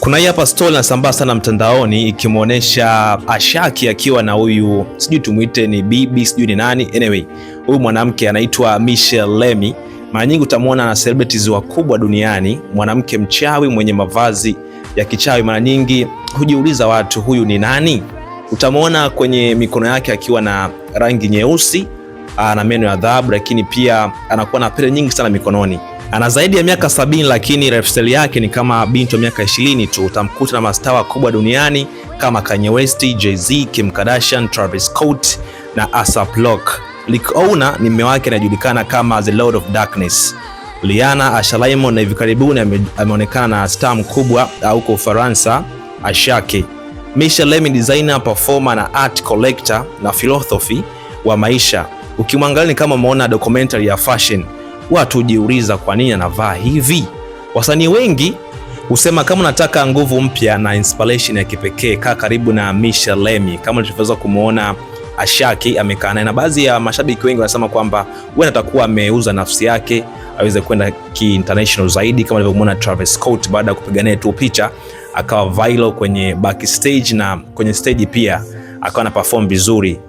Kuna hii hapa story inasambaa sana mtandaoni ikimwonyesha Ashaki akiwa na huyu sijui tumuite ni bibi sijui ni nani, anyway huyu mwanamke anaitwa Michelle Lemi. Mara nyingi utamwona na celebrities wakubwa duniani, mwanamke mchawi mwenye mavazi ya kichawi. Mara nyingi hujiuliza watu, huyu ni nani? Utamwona kwenye mikono yake akiwa na rangi nyeusi na meno ya dhahabu, lakini pia anakuwa na pete nyingi sana mikononi. Ana zaidi ya miaka sabini lakini lifestyle yake ni kama binti wa miaka 20 tu. Utamkuta na mastawa kubwa duniani kama Kanye West, Jay-Z, Kim Kardashian, Travis Scott na Asap Rocky. Rick Owner ni mume wake anajulikana kama The Lord of Darkness. Rihanna, Asha Raymond na hivi karibuni ameonekana na star mkubwa uh, huko Ufaransa, Ashake. Michelle Lemi, designer, performer na art collector na philosophy wa maisha. Ukimwangalia ni kama umeona documentary ya fashion watu hujiuliza kwa nini anavaa hivi. Wasanii wengi husema kama unataka nguvu mpya na inspiration ya kipekee, kaa karibu na Misha Lemi, kama ulivyoweza kumuona Ashaki amekaa naye, na baadhi ya mashabiki wengi wanasema kwamba huenda atakuwa ameuza nafsi yake aweze kwenda ki international zaidi, kama ulivyomuona Travis Scott baada ya kupiga naye tu picha akawa viral kwenye backstage na kwenye stage pia akawa na perform vizuri.